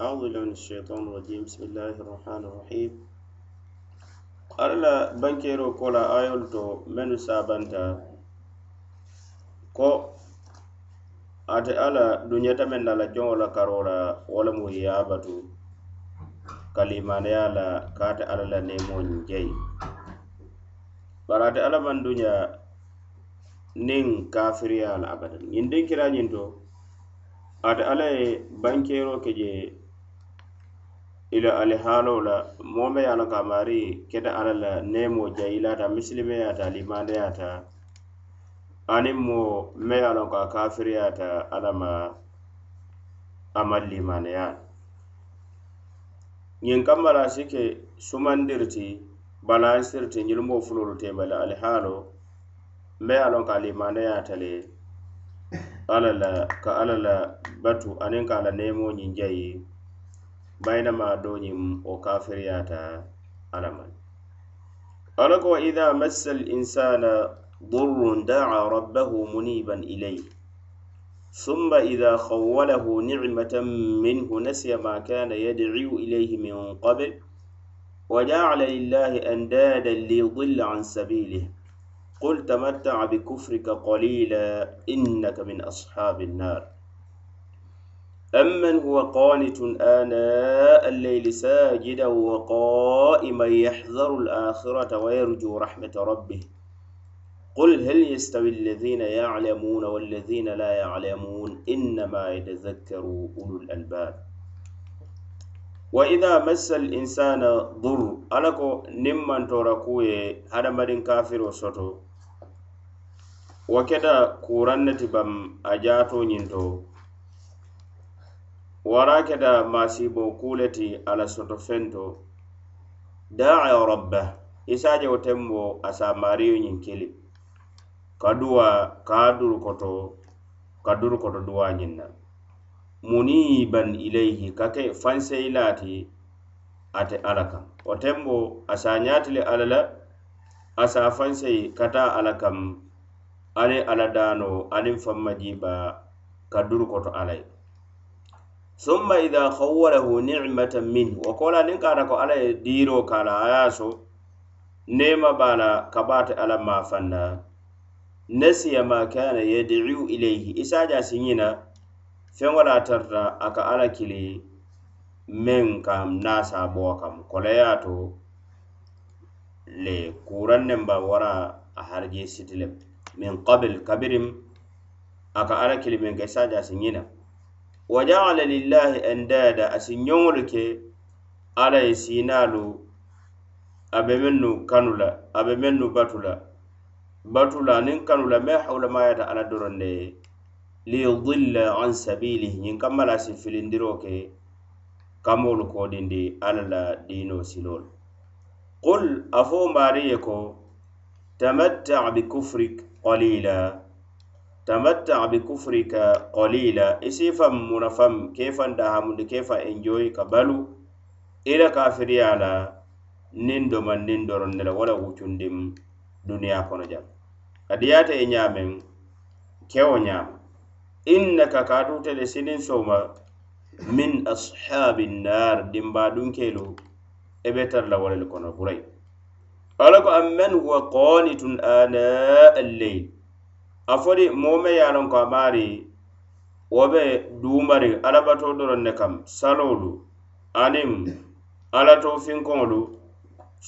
أعوذ بالله من الشيطان الرجيم بسم الله الرحمن الرحيم قال لا بنكيرو كولا آيولتو منو سابنتا كو أتي ألا دنيا تمنى لجون ولا كارولا ولا مهياباتو كلمان يالا كاتي ألا لنمون جي barate ala manduña nin kafiriyala abadan ñin din kirañin to ate ala ye bankero ke je ila alihaaloo la moo me ye a la ka maari keta ala la neemoo jayilaata misilimeyaata ta ani moo me ye a loŋ ko a kafiriyaata alla ma a maŋ limaneya ñiŋ kamma la si ke sumandiri ti balansiri ti ñilimoo fuloolu teema le me ye a loŋ ya ta le ala la ka ala la batu anin ka ala la neemoo jayi bayinama doñiŋ wo kafiriyata alla man ala ko ida massa ضر دعا ربه منيبا إليه ثم إذا خوله نعمة منه نسي ما كان يدعو إليه من قبل وجعل لله أندادا ليضل عن سبيله قل تمتع بكفرك قليلا إنك من أصحاب النار أمن هو قانت آناء الليل ساجدا وقائما يحذر الآخرة ويرجو رحمة ربه قل هل يستوي الذين يعلمون والذين لا يعلمون إنما يتذكر أولو الألباب وإذا مس الإنسان ضر ألكو نمن تركوه هذا مدن كافر وسطو وكذا كورنة بم أجاتو نينتو wara keta masibo kuleti ala soto fento daa rabba isajewo tembo asa mariyo ñin kili kaduwa ka duru koto ka duru koto duwa ñinna muniban ilayhi kake fanseilati ate ala kam o tembo asa ñatile ala la asa fansei kata ala kam ani ala dano anin famma jiba ka duru koto alay summa idha khawwalahu nicmatan minhu wo kola niŋ kaata ko alla ye diiroo ka la a ye a so neema be a la ka na nasiya ma kana yadiu ilayhi i se a je tarta a ka alla kili meŋ kaŋ naasa bo kam koleya to le kuraŋ neŋ wara a harjee siti min qabil kabirim a ka alla kili meŋ ka i se وجعل لله أندادا أسنيول كي على سينالو أبمنو كانولا أبمنو باتولا باتولا ننكانولا ما حول ما يدا على دورني ليضل عن سبيله ينكمل أسفلين دروكي kamolu kodindi alla la dino silol qul afo mariye ko tamatta bikufrik qalila تمتع بكفرك قليلا اسيفا منفم كيف اندها من كيف انجوي قبلو الى كافر على نندو من نندر نلا ولا وچندم دنيا كون جام اديات انيامن كيو نيام انك كادو تلسين سوما من اصحاب النار دمبا دونكيلو ابتر لا ولا كون بري alako amman huwa qanitun ana alleyl a fodi moo me ye a lon ko a maari wo be duumari alabato doron ne kam saloolu aniŋ alato finkoŋolu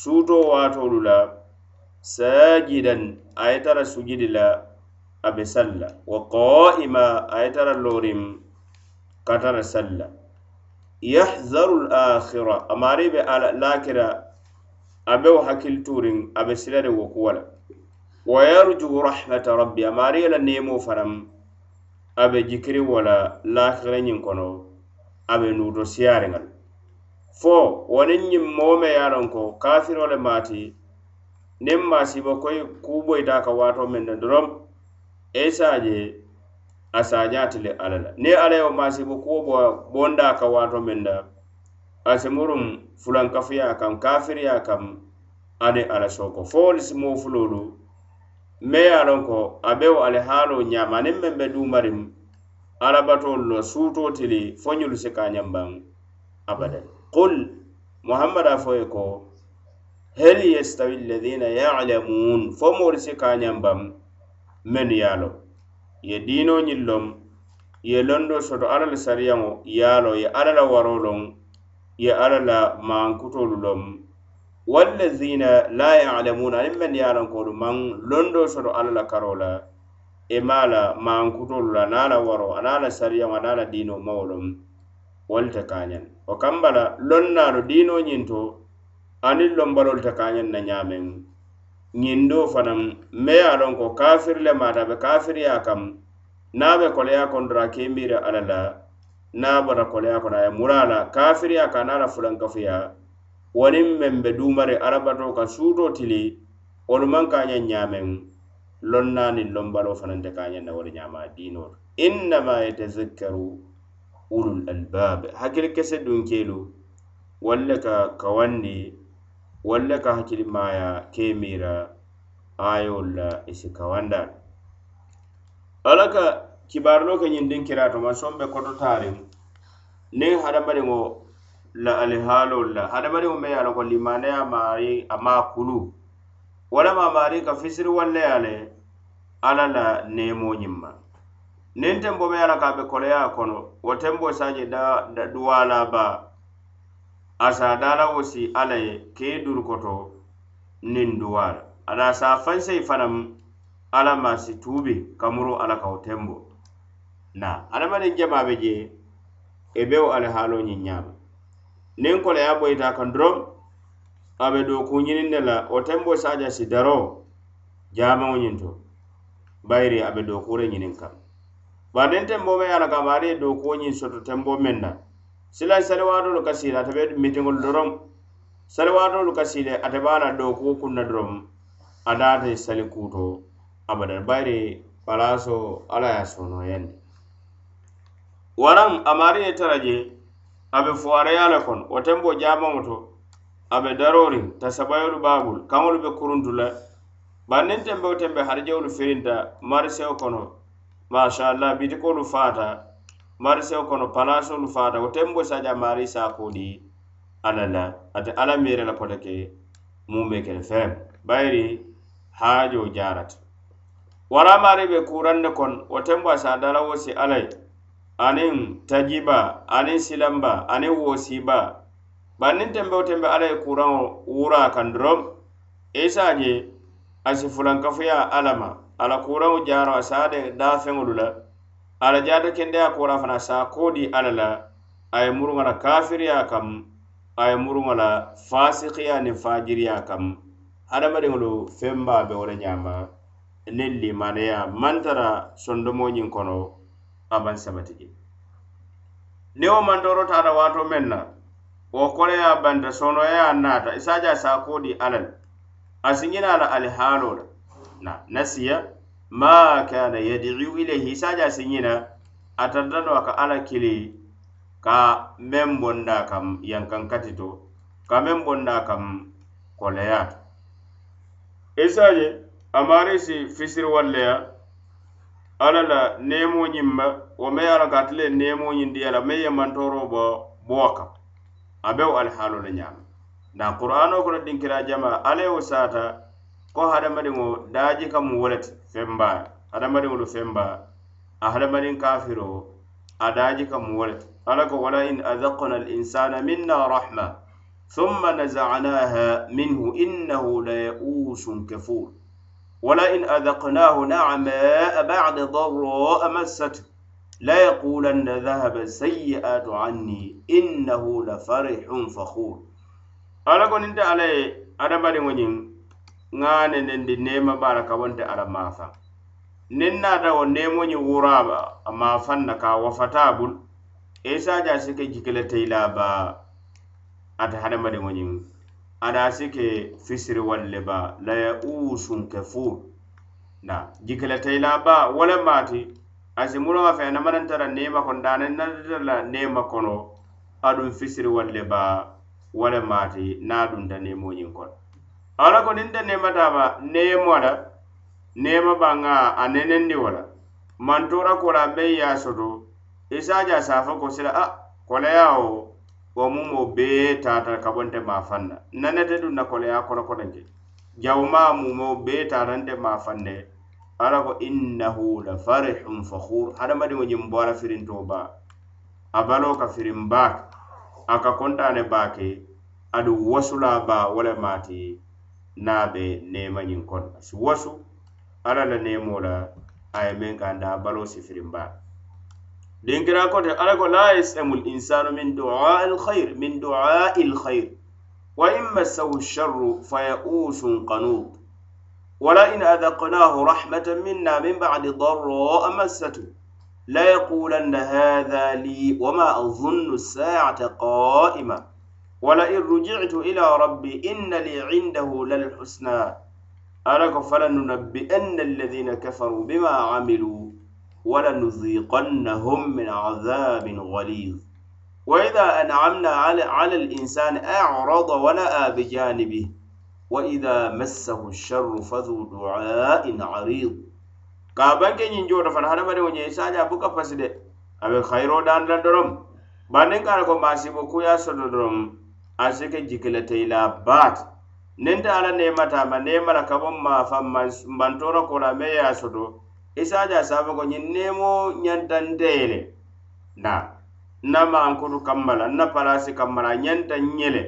suuto waatoolu la saajidan a ye tara sujidi la a be salla wa qaa'ima a ye tara looriŋ ka tara salla yahzaru l akhira a maari be alalaakira a bewo hakkili tuuriŋ a be sila de wo kuwa la wayarju rahmata rabbi amaari yela nemo fanam abe jikiri wala lakireñin kono abe nuuto siyariŋal fo wanin ñin moome ye lon ko kafiro le maati niŋ maasibo koy kuboyita ka waato meŋ ne dorom esaje a sañaati le alla la niŋ alla yewo maasibo kuwo bo bonda ka waato meŋ da asimurum fulankafuya kam kafiriya kam ani alla sooko fo wolu simo fuloolu me ye a lonko abewo ali haalo ñama aniŋ meŋ be duumariŋ alabatolu lo suutoo tili fo ñolu si ka ñambaŋ abadan qul muhammad a fo ye ko hel yestawi lladina yalamun fo moolu si ka ñambaŋ mennu ye a lo ye diino ñiŋ loŋ ye londo soto alla la sariyaŋo ye a lo ye alla la waro loŋ ye alla la maankutolu loŋ wallazina la yalamuna anin men yalankoolu man londo soto alla la karo la e maala mankutolu la na la waro ana la sariyaŋo ana la diino mawolum wolu te kañan o kambala lon naalo diino ñinto aniŋ lombalolu te kañan na ñameŋ ñindo fanaŋ me ye a lon ko kafiri le maata be kafiriya kam na be koleya kondora kembiira alla la na bota koleya kono a ye mura la kafiriya ka na la fulankafuya wonin men be dumare arabato kan suto tili wolu man kaña ñamen lonnani lombalo fanante kaña na wori ñama dinoto innama yatazakkaru ulul albab hakkil kese dunkelu walle ka kawandi walle ka hakkili maya kemira ayolla isi kawanda alaka kibarno ke nyindin kirato man sombe kototarin ne hadamari la alihaalol la hadamadiŋo meŋ ye a loŋ ko limaneya maari a maa kulu walama maari ka fisiri walle ye le alla la neemoñiŋ ma niŋ tenbo meŋ ye a la ka a be koleya kono wo tenbo saje da, da duwala baa asa a daala wo si alla ye ka i durukoto niŋ duwala ada sa a fansei fanaŋ alla ma si tuubi ka muru alla ka wo tenbo na hadamadiŋ jama e be je e bewo alihaalo ñiŋ ñaama niŋ koleya boyita kan dorom a be dooku ñiniŋ ne la wo tenbo saja si daro jamaŋo ñiŋ to bayiri a be dookure ñiniŋ kaŋ bari niŋ tenbo ma ye a la kaŋ baari ye dookuwo ñiŋ soto tenbo meŋ na silaŋ sariwaadoolu ka siila ate be mitiŋolu dorom sariwaadoolu ka siile ate be a la dookuwo kunna dorom a daate sali kuuto abada bayiri palaso ala ye sonoyandi waraŋ a maari ye tara je abe fuwaraya le kono wo tenbo jamaŋo to abe darorin ta sabayolu babul kaŋolu be kuruntu le bari niŋ tenbeo tembe harijewolu firinta marisewo kono mashallah bitikolu fata marisewo kono palasolu fata wo tenbo saja mari sakodi ala la ate ala mire la kota ke mume kel fem bayri haajo jarata wala mari be kuranne kon wo tenbo asa dalawo si alay aniŋ tajiba aniŋ silanba aniŋ wosiba bari niŋ tembeo tembe alla ye kuraŋo wura a kaŋ dorom isa je a si fulankafuya alla ma alla kuraŋo jaaro a se a de daafeŋolu la alla jaata kende a kora fana sa koo di alla la a ye muruŋo la kafiriya kam a ye muruŋo la fasikiya niŋ fajiriya kam hadamadiŋolu feŋ ba be wo le ñaama niŋ limaneya maŋ tara sondomo ñiŋ kono aman sabatiji niwo mandorota ada wato men na wo koleya banta sonoya nata isaja sakodi alal asiŋina la alihaalo la na nasiya ma kana yadiu ilayhi isaja siŋina atantano aka ala kili ka men bonda kam yankan katito ka men bonda kam koleyato isaje amari si fisiri walleya ala la ñimma wo me ye a la ka ate le neemo ñindi ye la me ye mantoro bo boo kaŋ a be wo alihaalo le ñaami naŋ qur'ano kono dinkira jama alla wo saata ko hadamadiŋo daaji ka mu wole ti femba hadamadiŋolu femba a hadamadiŋ kafiro a daaji ka mu wole ti alla ko wala in azakna al insana minna rahma ثم نزعناها منه إنه ليئوس كفور ولئن أذقناه نعماء بعد ضراء مسته la yaqulanna dhahaba sayyi'atu anni innahu la farihun fakhur ala ko ninta ala ye adamadiŋo ñiŋ ŋa nendendi neema baala ka wonte ala maafaŋ niŋ naata wo neemo ñiŋ wuraaba a maafaŋ na ka a wafataa bulu sa a su ke jikile teyilaa baa ate hadamadiŋo ñiŋ ada a da su ke fisiri walle baa la ya uusun kefuur na jikile teyilaa baa wo le maati asimuloŋa fe namanantara nema kono dana natatala nema kono adun fisiri walle ba wale maati na dunta nemoñin kono ala ko ninta nematama nemola nema baŋa a nenendi wala mantora kola be ya soto isaja safo ko sila a ah, koleyawo wo mumo bee tata kabonte ma fanna nanete dunna koleya kono kononje jawma mumo bee tata nte ma fanne ala ko innahu la farihun fakhur hadamadiŋo jiŋ bo ala firin toba abalo ka firin baake aka konta kontaane baake aduŋ wasulaa baa ba le mati naa be neemañiŋ si wasu ala la neemoo la a ye meŋ kaŋ si firiŋ baake dinkira kote ala ko la yasamu linsanu min duai khair min duai khair wa in massahu sharru fa yausun qanut ولئن أذقناه رحمة منا من بعد ضراء مسته ليقولن هذا لي وما أظن الساعة قائمة ولئن رجعت إلى ربي إن لي عنده للحسنى ألك فلننبئن الذين كفروا بما عملوا ولنذيقنهم من عذاب غليظ وإذا أنعمنا على, على الإنسان أعرض ونأى بجانبه وإذا مسه الشر فذو دعاء عريض كابان كي ينجو دفن هذا ما دي ونجي ساجا بوكا فسد أبي خيرو دان لدرم بانين كاركو ماسي بوكو يا سدرم أسيك جيكلة تيلا بات ننت على نيمتا ما نيمرا كبوم ما فمان بانتورا كولا مي يا سدو إساجا سابقو ننمو ننتن تيلي نا نما أنكو كمبلا نا پلاسي كمبلا ننتن نيلي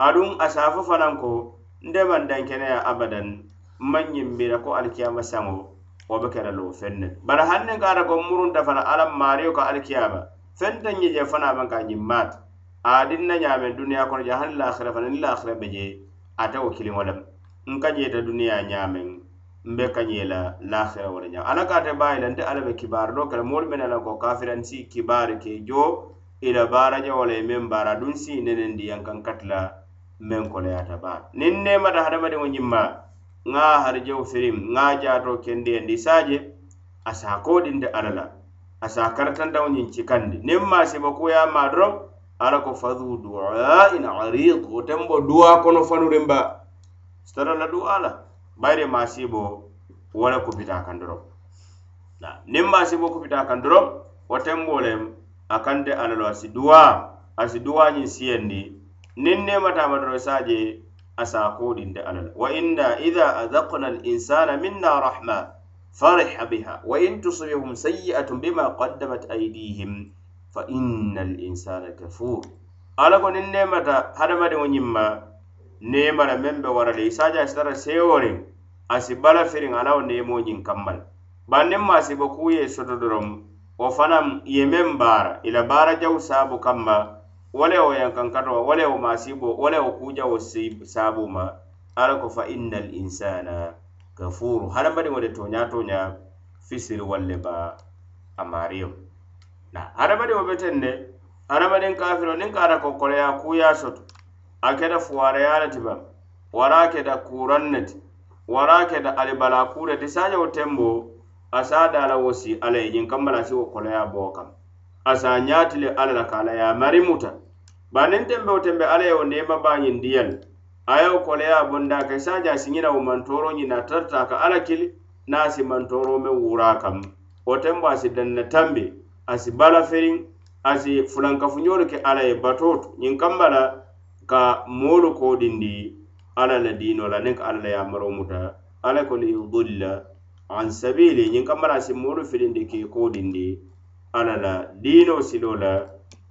أدون أسافو فنانكو ndeman dankeneya abadan man ñimbira ko alkiyama sango wo be kera loo fenne bara han nin kaara ko murunta fana ala mario ko alkiyama fenta ñije fana man ka ñimmaata a din na ñaamen duniya kono je hani laahira fana ni laahira be je ata wo kiliŋo lem n ka jeta duniya ñaameŋ mbe kañela laahira wo le ñaam ala kaate baayi la nte ala be kibaari do kele moolu mene lan ko kafiran si kibaari ke joo ila baarajawo le meŋ baara duŋ si nenendiyan kan katila men koloyata ba niŋ nemata hadamadiŋo ñimma ŋa harijewo firim ŋa jaato kendiyandi e saje a sa koodinte alla la a sa karatandaŋo ñiŋ cikandi niŋ ma siba kuya ma doroŋ ala ko fadu duain arid wo tembo duwa kono fanurin ba sitara la duwa la bayre ma sibo wala kupita kan doroŋ niŋ ma sibo kupita kan doroŋ wo tembo lem a kante alla lo asi duwa asi duwa ñiŋ siyandi nin nematama doro saje a sakoɗinde alal wa inna ida azakna linsana minna rahma fariha biha wa in tusbihum sayi'atun bima qaddamat aidihim fa inna linsana kafur ala ko nin nemata hadamadiŋo ñimma nemala meŋ be warale isaja sitara sewore asi bala firin alawo nemo ñiŋ kammal ban nin ma sibo kuye soto dorom wo fanaŋ ye meŋ baara ila baara jaw saabu kamma Wale walewo yankankatoo wale wa walewo wa saabu ma ala ko fa inna al insana kafuru hadamadiŋo de toña toña fisiri walle ba a mario na hadamadiŋo beten de hadamadiŋ kafiro niŋ ka ata kokkoleya ya soto a keta fuwareya le ti bam wara keta kuran ne ti wara keta alibala kuu le ti sajawo tembo a se a dala wo si ala ye ñiŋ kambala si wo koleya boo asa ñaati le alla la ka la ye mari muta banin tembeo tembe alla yewo nema bañindiyal ayewo koleya bonda ka sadia siñina wo mantoro ñina tarta ka alla kili na si mantoro me wura kam wo tembo asi danna tambi asi bala ferin asi fulankafuñolu ke alla ye batotu ñin kamba la ka moolu kodindi alla la dino la nin ka alla la yamaro muta alla ko liyudulla an sabili ñin kamba la asi moolu filindi ke kodindi ala la diino silo la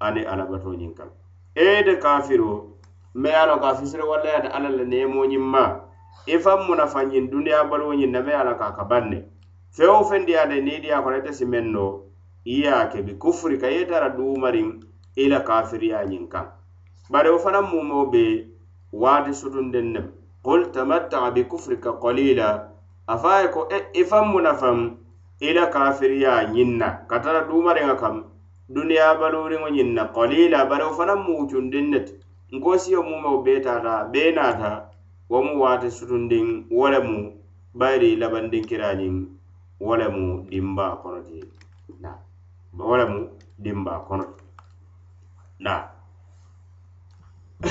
ani alabato ñiŋ kaŋ e de kafiro me ye a loŋ ka fisire wallayata ala la neemoñiŋ ma i faŋ munafanñiŋ duniya baluwo ñiŋ na me ye a loŋ ka a ka baŋ ne feŋ wo feŋ diyaata niŋ i diya kono ite si meŋ no i ye a kebi kufuri ka i ye tara duumariŋ i la kafiriya ñiŋ kaŋ bari wo fanaŋ mumoo be waati sutundiŋ nem qul tamattaa bikufrika qalila a fa a ye ko e i faŋ munafaŋ ila kafiriya ñinna katara dumariŋa kam duniya baluriŋo ñinna kalila bare wo fanaŋ muucundiŋ ne ti nko siyo mumeo beetata bee naata wo mu waati sutundiŋ wo le mu bayiri labandiŋ kiraañiŋ wo le mu dimba kono ti wo le mu dimba kono ti na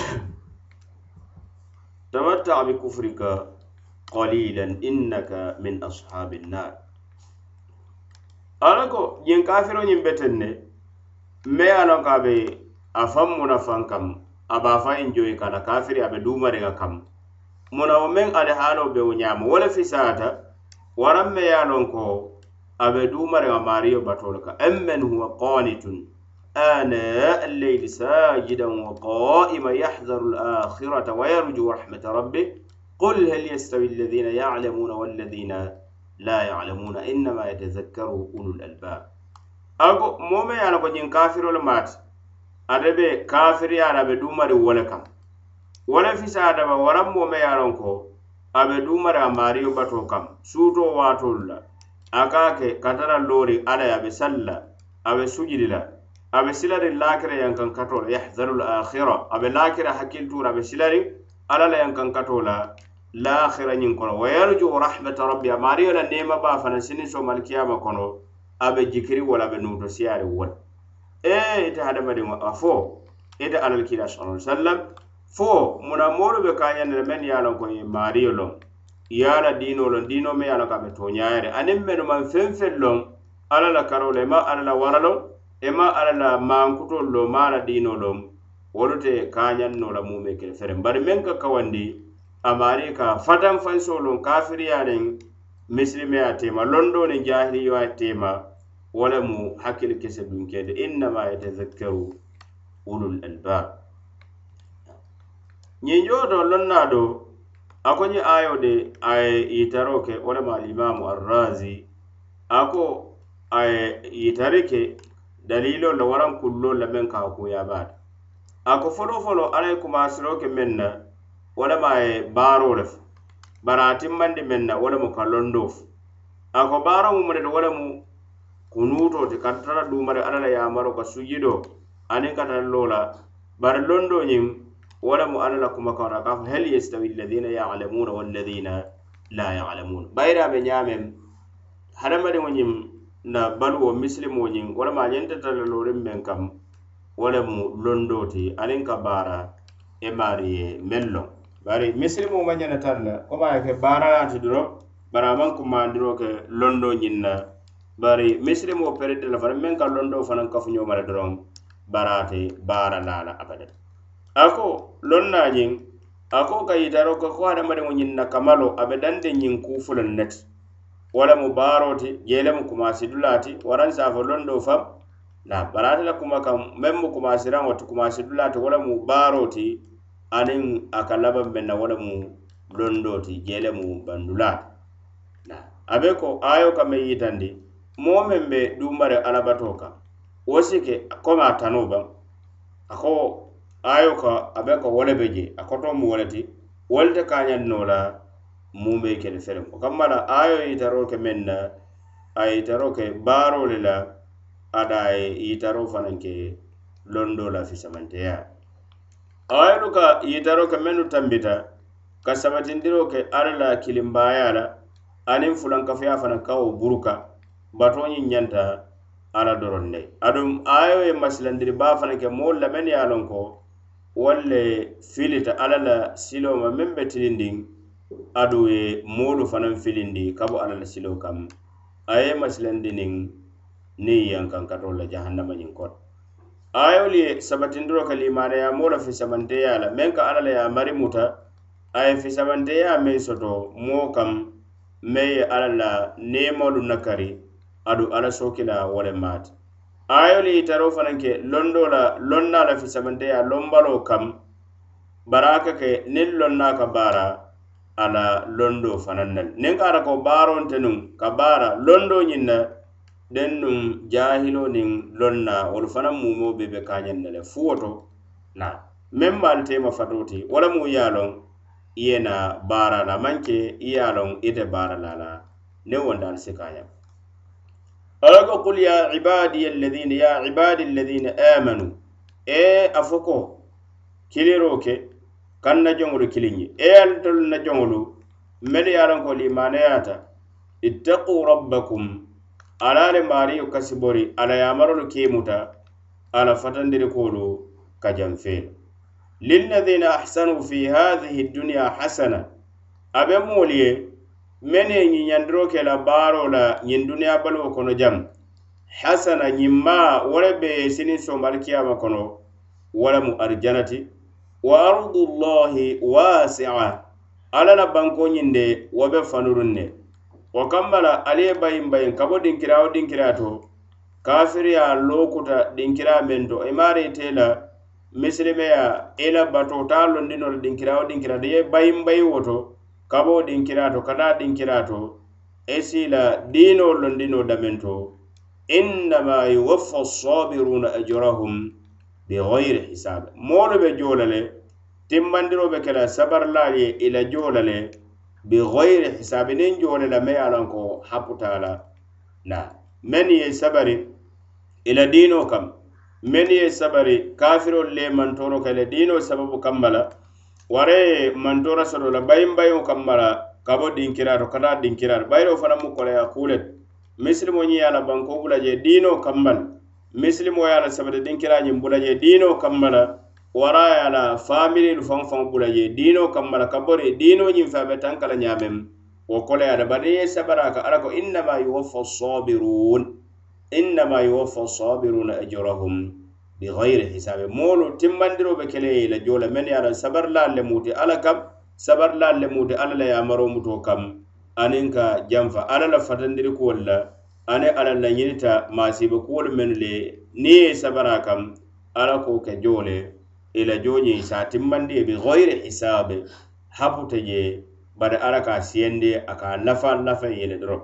tamatta bi kufrika qalilan innaka min ashabin nar ala ko ñiŋ kafiro ñiŋ beten ne me ye loŋ ko a be a faŋ muna faŋ kam a be a faŋ enjoyi kana kafiri a be duumariŋa kam muna wo meŋ ali haaloo be wo ñaama wo le fisaata waraŋ me ye a loŋ ko a be duumariŋa maariyo batolu ka emmen huwa qanitun آناء الليل ساجدا وقائما يحذر الآخرة ويرجو رحمة ربه قل هل يستوي الذين يعلمون والذين la yalamuna innama yatazakkaru ulul albab ago mome yala ko nyin kafirol mat adabe kafiri yala be dumari wala kam wala fisa adaba wala mome yaron ko abe dumari amari bato kam suto watolla akake katara lori ala yabe salla abe sujidila abe silari lakira yankan katol yahzarul akhirah abe lakira hakil tur abe silari ala la yankan katola lahira ñiŋ kono wa yarju rahmata rabbi amaari yona nema ba fana sini so malkiyama kono abe jikiri wala be nuto siyari wol e eh, ite hadamadin a fo ite alalkila sa sallam fo muna moolu be ka ñanda men ye lon ko ye maariyo lon ye la diino lon diino me ye lon ka be toñayere aniŋ mennu man feŋ feŋ loŋ alla la karo lo e ima alla la wara lon ima alla la mankutolu lo ma la diino lon wolu te kañannola mume kele feren bari meŋ ka kawandi amari ka fatan fansolu kafiriyaniŋ a tema londo niŋ jahiliyoya tema wo le mu hakkili kese dunkete innama yetazakkaru ulul Yin ñiŋ joo to lonna do a ko ayo de a ye yitaro ke wo lemu alimamu arrazi a ko a ye yitari ke dalilo la waran kullo la meŋ ka kuyabaata a ko foloo folo alla ye kumasiro ke meŋ wo lema ye baaro le fo bari atimmandi men na wo lemu ka londo fo a ko baaro mu munete wo lemu kunuuto ti kantara duumare alla la yamaro ka sujjido aniŋ katallo la bari londo ñiŋ wo lemu alla la kumakawta ka fo hel yestawi lladina yalamuna walladina la yalamuna bayira be ñamen hadamadiŋo ñiŋ na baluwo misilimo ñiŋ wo lema ñente tallaloriŋ meŋ kam wo lemu londo ti aniŋ ka baara e maari ye meŋ loŋ bari misiri mu mañana tan la koma ke baaraati doro bara aman kumandiro ke londo ñin na bari misiri mu perede la fana meŋ ka londo fanaŋ kafuñomale doron baraate baara laala abada ako lonnañiŋ ako kayitaro ka ko hadamadiŋo ñin na kamalo abe dante ñiŋ kufulon neti wala mu baaro ti jeele mu kumasi dulaati waran safo londo fam na baraate la kuma kam meŋ mu kumasiraŋo ti kumasi dulaati wala mu baaro ti aniŋ a e ka labaŋ be na wo le mu londoo ti jeele mu bandulaati a be ko ayo ka meŋ yitandi moo meŋ be dumbare alabatoo kaŋ wo si ke komi a tanuu baŋ a ko ayo ka a be ko wo le be je a koto mu wo le ti wo le te ka ñaŋ noo la muŋ be kele feriŋ o kamma la ayo e yitaroo ke meŋ na a yitaroo ke baaroo le la ada a ye yitaroo fanaŋ ke londoo la fisamanteyaa ayenu ka yitaro ke mennu tambita ka sabatindiro ke ala la kilimbaya la aniŋ fulankafuya fana kawo buruka batoñiŋ ñanta ala doron ne aduŋ ayo ye masilandiri baa fana ke moolu lamen ye a loŋ ko walle filita ala la silo ma meŋ be tilindiŋ adu ye moolu fanaŋ filindi kabo ala la silo kam a ye masilandiniŋ niŋ yankankatol la jahannama ñiŋ kono ayol ye sabatindiro ka limanaya moo la fisabanteya la meŋ ka alla la ye a mari muta a ye fisabanteya meŋ soto moo kam meŋ ye alla la neemolu nakari adu alla sookila wole maati ayolu ye itaro fanaŋ ke londo la loŋ na la fisabanteya lombaloo kam baraka ke niŋ loŋ na ka baara a la londo fanaŋ na le niŋ ka ara ko baaroŋ tenuŋ ka baara londo ñiŋ na den nun jahilo nin lonna wolu fana mumo be be kañen nele fuwoto na meŋ baalu tema fatoti wala mu ye loŋ iye na baara la manke i ye loŋ ite baara la la ne wonda al si kañam alako qul ya ibadi alladhina ya ibadi alladhina amanu e afoko kiliro ke kan na jongolu kiliñi e yaltolu na jongolu mel ye lonko limaneyata ittaqu rabbakum alaale maariyo kasi bori ala yamarolu kemuta ala fatandiri koolu kajanfeelu lilnazina ahsanu fi hadhihi duniya hasana a be moolu ye men ye ñiŋ ñandiro ke la baaro la ñiŋ duniya baluwo kono jaŋ hasana ñiŋ maa wo le be sinin somu alikiyama kono wo le mu arijanati wa ardullahi wasi'a ala la banko ñiŋ de wo be fanurun ne wo kambala ali ye bayin bayin ka bo dinkira wo dinkira to kafiriya lookuta dinkira men to imarite e la misilimeya ila bato ta londinolo dinkira wo dinkira de ye bayin bayin wo to ka bo dinkira to kata dinkira to esila diino londino damen to innama yuwaffa sabiruna ajrahum bighayri hisab moolu be joola le timmandiro be kela sabarlaal ye ila joola le bi ghayri hisabi nin jone la mai alan ko haputala na men ye sabari ila dino kam men ye sabari kafiro le man toro kale dino sababu kambala ware man toro sodo la bayim bayo kambala kabo dinkira to kada dinkira bayro fana mu kole akule mislimo nyi ala banko bulaje dino kambal mislimo yala sabade dinkira nyi bulaje dino kambala waraya la familin fanfaŋo bula je diino kamma la ka bori diino ñiŋ faame tankala ñaameŋ wo kole yaata bari ye sabara ka ala ko innama yuwaffa sabirun innama yuwaffa sabirun ajrahum bigayri hisabe moolu timmandiro be kele ye la joola men ye ala sabarlan le muti ala kam sabarlan le muti ala la yamaro muto kam aniŋ ka janfa ala la fatandiri kuwolu la ani ala la ñinita maasibe kuwolu mennu le niŋ ye sabara kam ala ko ke joole ila joñi sa timmandi bi ghayri hisab haputa je bada araka siyende aka nafa nafa e yele dro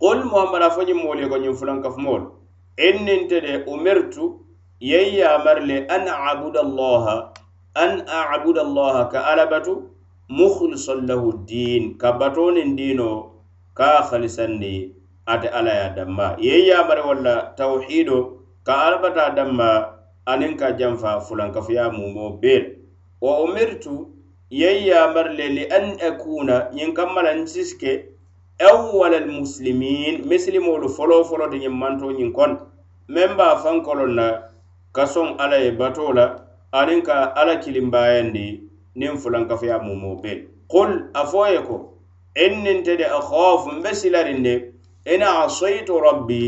qul muhammad afanyi mole ko nyum fulan kaf mol enni ntede umirtu yayya marle an a'budu allaha an a'budu allaha ka alabatu mukhlishan lahu din ka batoni dino ka khalisanni ate ala ya damma yayya mare wala tauhido ka alabata damma aniŋ ka janfa fulankafuya mumo beel wa umirtu yeŋ yamar le li an akuna ñiŋ kamma la nsiske awala almuslimin misilimolu folo folo ti ñiŋ manto ñiŋ kono meŋ ba fankolo na kasoŋ alla ye bato la aniŋ ka alla kilimbayandi niŋ fulankafuya mumo beel qul a fo ye ko inninte de akhaafu mbe silarin de ina asaytu rabbi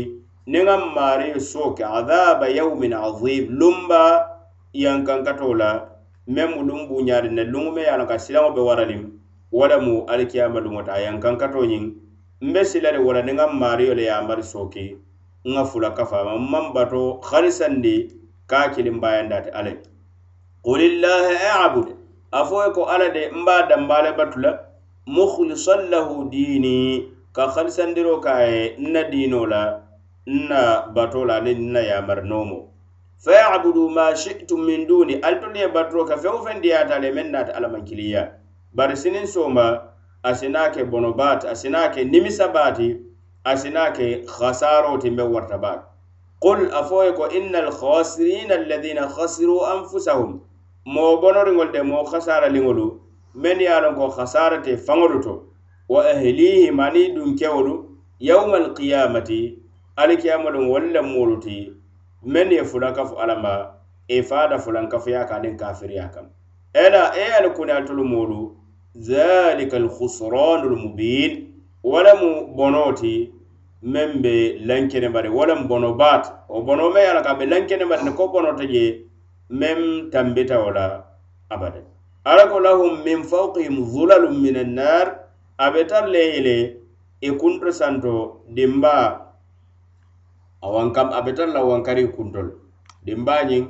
niŋa maari sooke adaba yawmin azim lumba yankankato la meŋ mu luŋ buñaadi ne luŋo me ye a loŋ ka silaŋo be waraliŋ wo le mu alikiyama luŋo ta a yankankato ñiŋ mbe silari wala niŋa maario le ye a mari n nŋa fula kafama maŋ bato harisandi ka kilimbayandaati alla ye qulillahi abud a fo ye ko alla de n be a dambaale batu la mukhlisan lahu diini ka halisandiro ka a ye n na diino la nna bato la ni nna yamar nomo fayabudu ma shi'tum min duni altuni ya bato ka fe ofen dia ta le menna ta alaman kiliya bar sinin soma asinake bonobat asinake nimisabati asinake khasaro timbe wartabat قل أفويك إن الخاسرين الذين خسروا أنفسهم مو بنور نقول ده مو خسارة لنقوله من يعلم كو خسارة فنقوله وأهليه ماني دون كولو يوم القيامة alikiyamadum wolle moluti men ye fula kafu alama ifada fulan kafu e yaka anin kafiriya kam ela e alikunatulu molu zalika alkhusranul mubin walamu bonoti men be lankene bari walam bono bat o bono me ala kabe lankene bari ne ko bono taje mem tambita wala abada ala ko lahum min fawqihim zulalun minan nar abetar lele e kuntro santo dimba awankam abe tar la wankari kuntol dimbañin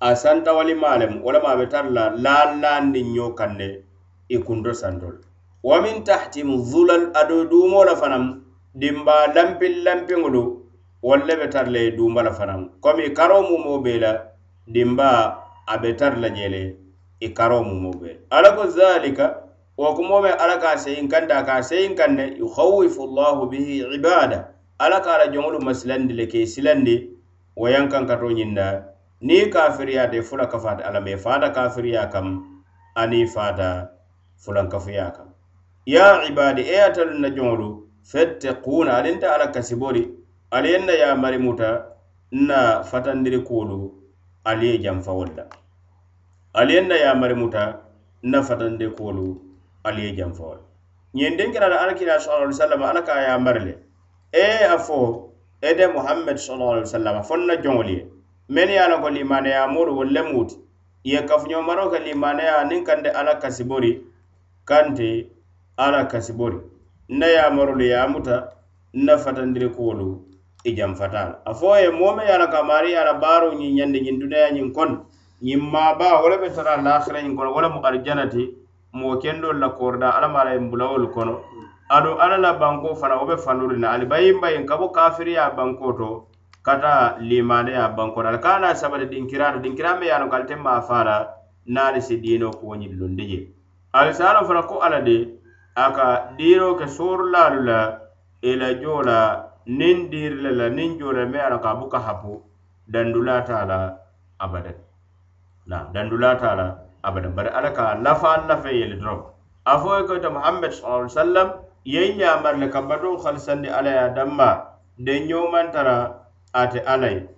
a santawali malem walama abe tar la lallandin ño kanne i e kunto santol wa min tahtim zulal ado dumo la fanam dimba lampin lampinŋolu walle be tar e la i duma la fanam komi karo mumo be la dimba abe tar la jele i e karo mumo be ala ko zalika wo kumome ala ka seyin kanta ka seyin kanne yuhawifu llahu bihi ibada ala ka ala la ma masilandi le ke silandi wo yaŋ kankato ñinda niŋ kafiriyata de fula kafaata alla ma i faata kafiriya kam aniŋ faata fulankafuya kam ya ibadi e atalu na joŋolu fettekuna alinta ala kasibori ali yenna yamari muta nna fatandiri kuolu ali ye janfawol la ali yenna yamari muta nna fatandiri kuolu ali ye janfawol ñiŋ dinkira la alakira sallallahu alaihi wasallam alla ka yamari le e a fo e de muhammad sallallahu alaihi wasallam fonna jongoli men ya lako limane ya mur wol le mut ye kaf nyo maro ka limane ya nin kande ala kasibori kante ala kasibori na ya maro le ya muta na fatandiri ko lu i jam fatal a fo e mo me ya lako mari ala baro nyi nyande nyi dunaya nyi kon nyi ma ba wala be tara la akhirin kon wala mu arjanati mo kendo la korda ala mara embulawol kono ado alla la banko fana wo be fanuru na ali bayin bayin kabo kafiriya banko to kata limaneya banko na kana sabade dinkirado dinkirame yano kalte ma fara nani si dino ko woni lundiji ali sala fana ko alla de aka dino ke sur la e la ila jola nin dir la la nin jola me ara ka buka hapo dandula tala abada na dandula tala abada bar alaka lafa lafa yele drop afoy ko to muhammad sallallahu alaihi wasallam yeŋ yamar le ka batuŋo halisandi alla ye a danma denñoo maŋ tara ate alla ye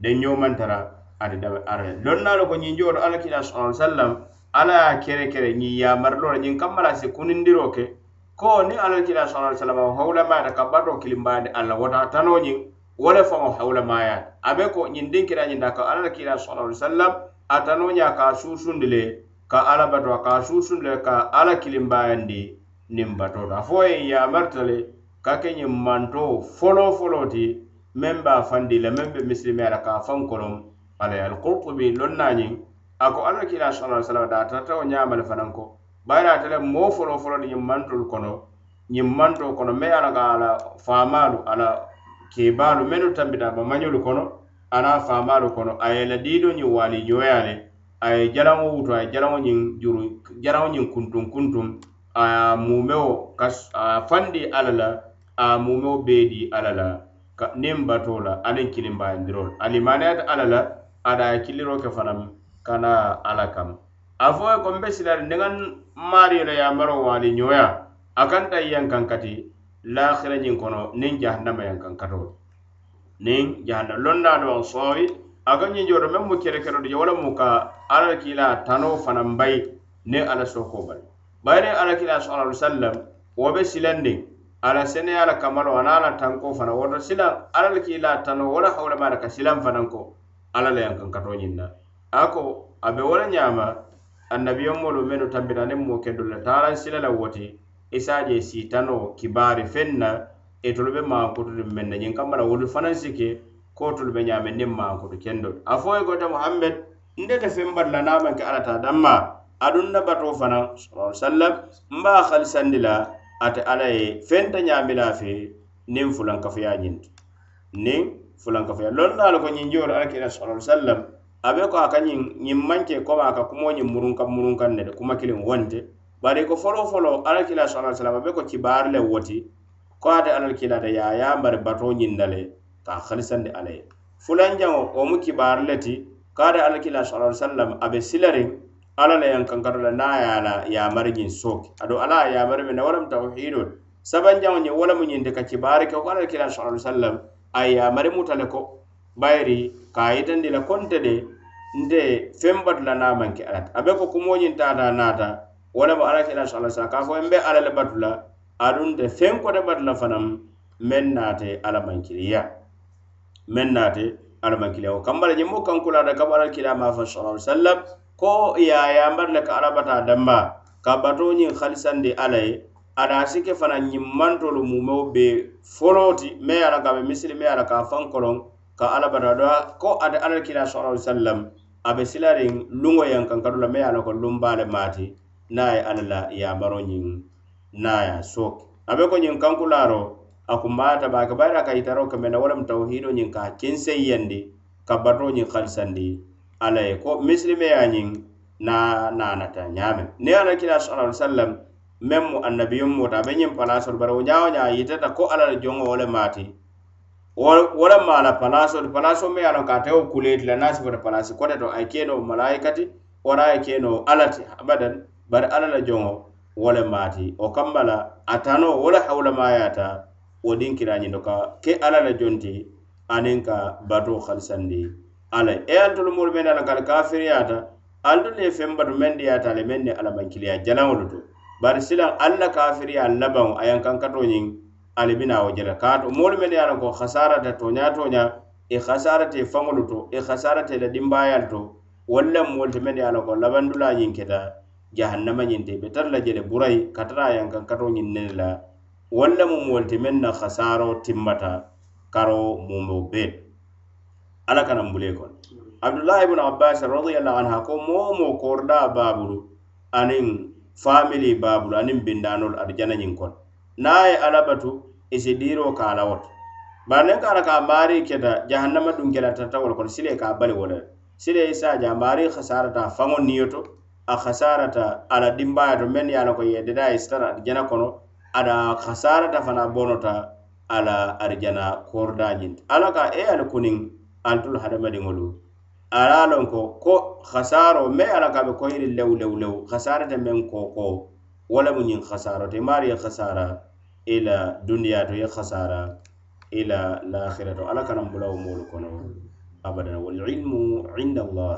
denñoo maŋ tara ate alla ye loŋ na le ko ñiŋ jooto alla kila sa sallam alla ye kere kere ñiŋ yamarilo la ñiŋ kamma la si kunindiro ke ko ni alla kila sa sallam hawulamayata ka bato kilimbayandi alla wota tano ñiŋ wo le faŋo hawulamayata a be ko ñiŋ diŋ kira ñiŋ da ka alla kila sa sallam a tanoo ña ka suusundi le ka alla bato ka suusundi le ka alla kilimbayandi niŋ batoto a fo ye yamarta le ka ke ñiŋ manto folo folo ti meŋ be a fandi la meŋ be misilimeya la ka a faŋ konoŋ ala ye alkurtubi loŋ na ñiŋ a ko alla kila sala ai sallam da tata wo ñaama le fanaŋ ko bayira ate le moo folo folo ti ñiŋ mantolu kono ñiŋ manto kono meŋ ye a la ka a la faamaalu a la keebaalu mennu tambita a ma mañolu kono ana faamaalu kono a ye la diido ñiŋ waali ñoyaa le a ye jalaŋo wuto a ye jalaŋo ñiŋ juru jalaŋo ñiŋ kuntum kuntum a mumeo kas a fandi alala a mumeo bedi alala ka nem batola batoo kilim aniŋ kilimbayindiro la alimaniyata ada a kiliro ke fanam kana alakam kam a ko mbe silari niŋan mari la yamaro waali nyoya a kanta yiyaŋ kaŋ kati khira nyin kono nin jahannama yaŋ kaŋ kato nin jahanna londa do soowi a ka jodo mem meŋ mu kerekero je wala mu ka ala kiila tanoo fanaŋ ala sokobal bayiniŋ alla kila sala alu sallam wo be silandiŋ ala seneya la kamalo ana la tanko fana woto silaŋ alla le kiila tano wo la hawulema la ka silaŋ fanaŋ ko alla la yaŋ kankato ñiŋ na a ko a be wo la ñaama annabiyonmolu mennu tambita niŋ moke dulu le taalaŋ sila la woti isa je si tano kibaari feŋ na itolu e be maakutudiŋ meŋ na ñiŋ kamma la wolu fanaŋ si ke ko tolu be ñaameŋ niŋ maakutu kendo a fo i ko te muhammed nte ka feŋ badula naa maŋ ke alla taa danmaa adun na bato fana sallallahu sallam mba khal sandi la ate alaye fenta nyami la fe nin fulan ka fiya nin nin fulan ka fiya lon dal ko nin jor ala kina sallallahu sallam abe ko aka nin nin manke ko ma aka kumo nin murun kan murun kan ne kuma kilin wonte bare ko folo folo ala kila sallallahu sallam abe ko kibar le woti ko ate ala kila da ya ya mbar bato nin dale ta khalisan de alaye fulan jango o mu kibar leti kada ala kila sallallahu sallam abe silarin Ala yan yankankato la na a ye a la yaamari so sooke aduŋ ala ya yaamari na wo lemu saban le sabanjaŋo ñiŋ wo da ñiŋ ti ka kibaari ko ala kila sallallahu sallam a ya mari muta ko bayiri ka a la konte de nte feŋ batu la na a maŋ abe ko ti a ta ko kumoo ñiŋ taata naata wo kila sallallahu sallam ka a fo n be alla le batu la aduŋ te feŋ kote batu la fanaŋ meŋ ala alla maŋ kiliya ala naate alla maŋ kiliya wo kambala ñiŋ mu kankulaata kabu alla kila ma fa sallallahu sallam ko yayambar le ka arabata damba ka batoñin halisandi alaye ada sike fana ñimmantolu mumeo be foloti me ala ka be misili me ala ka fankolon ka alabata do ko ada ala kira sallallahu alaihi wasallam abe silarin lungo yan kan kadu la me ala ko lumbale mati nay ala la ya baro nyin naya sok abe ko nyin kan kularo akumata ba ka bayra ka itaro ka mena wala mtauhido nyin ka kinse yende ka bato nyin khalsandi alla ye ko misilimeya ñiŋ na naanata ñaameŋ niŋ alakila sala ali sallam meŋ mu annabiyun muta a be ñiŋ palasol bari wo ñaawo ñaa yitata ko alla la joŋo wo le maati wo le palaso me ye a loŋ ka da wo kuleeti la naŋ sifota palasi kote to a ye keno malaika ti wara a ye keno alla ti abadan bari alla la joŋo wo le maati wo kamma la a tano wo le hawulamayata wo ka ke alla la jonti aniŋ ka bato halisandi ala e antolu moolu men ala kala kafiriyata ali tolu ye feŋ batu meŋ ta ale meŋ ne ala jana janaŋolu to bari silaŋ ali la kafiriya labaŋo a yaŋ kankato ñiŋ ali bina wo je e la kaato moolu men ye a loŋ ko hasarata toña toña i hasarate faŋolu to i hasarate la dimbayalu to wolu le moolu te meŋ ye a loŋ ko labandula ñiŋ keta jahannama ñiŋ te be tara la je le burayi ka tara a yaŋ kankato ñiŋ nene la wolu le mu moolu te meŋ na hasaro timmata karo mumeo beelu ala kanan bule kon abdullahi ibn abbas radiyallahu anhu ko momo korda babulu anin family babulu anin bindanol arjana nyin kon naye alabatu isi diro kala wot barne kala ka mari keda jahannama dun gela tata wol kon sile ka bali wol sile isa ja mari khasarata fangon niyoto a khasarata ala dimba to men yana ko yede da e istara arjana kono ada khasarata fana bonota ala arjana korda nyin alaka e al kuning antulu hadamadiŋolu ala lon ko ko hasaro me ala ka be koyiri lew lew lew hasara te meŋ koko wo lemu ñiŋ hasaro te maari ye hasara ila duniya to ye hasara ila lakhirato ala kana bulawo moolu kono abadan walilmu inda allah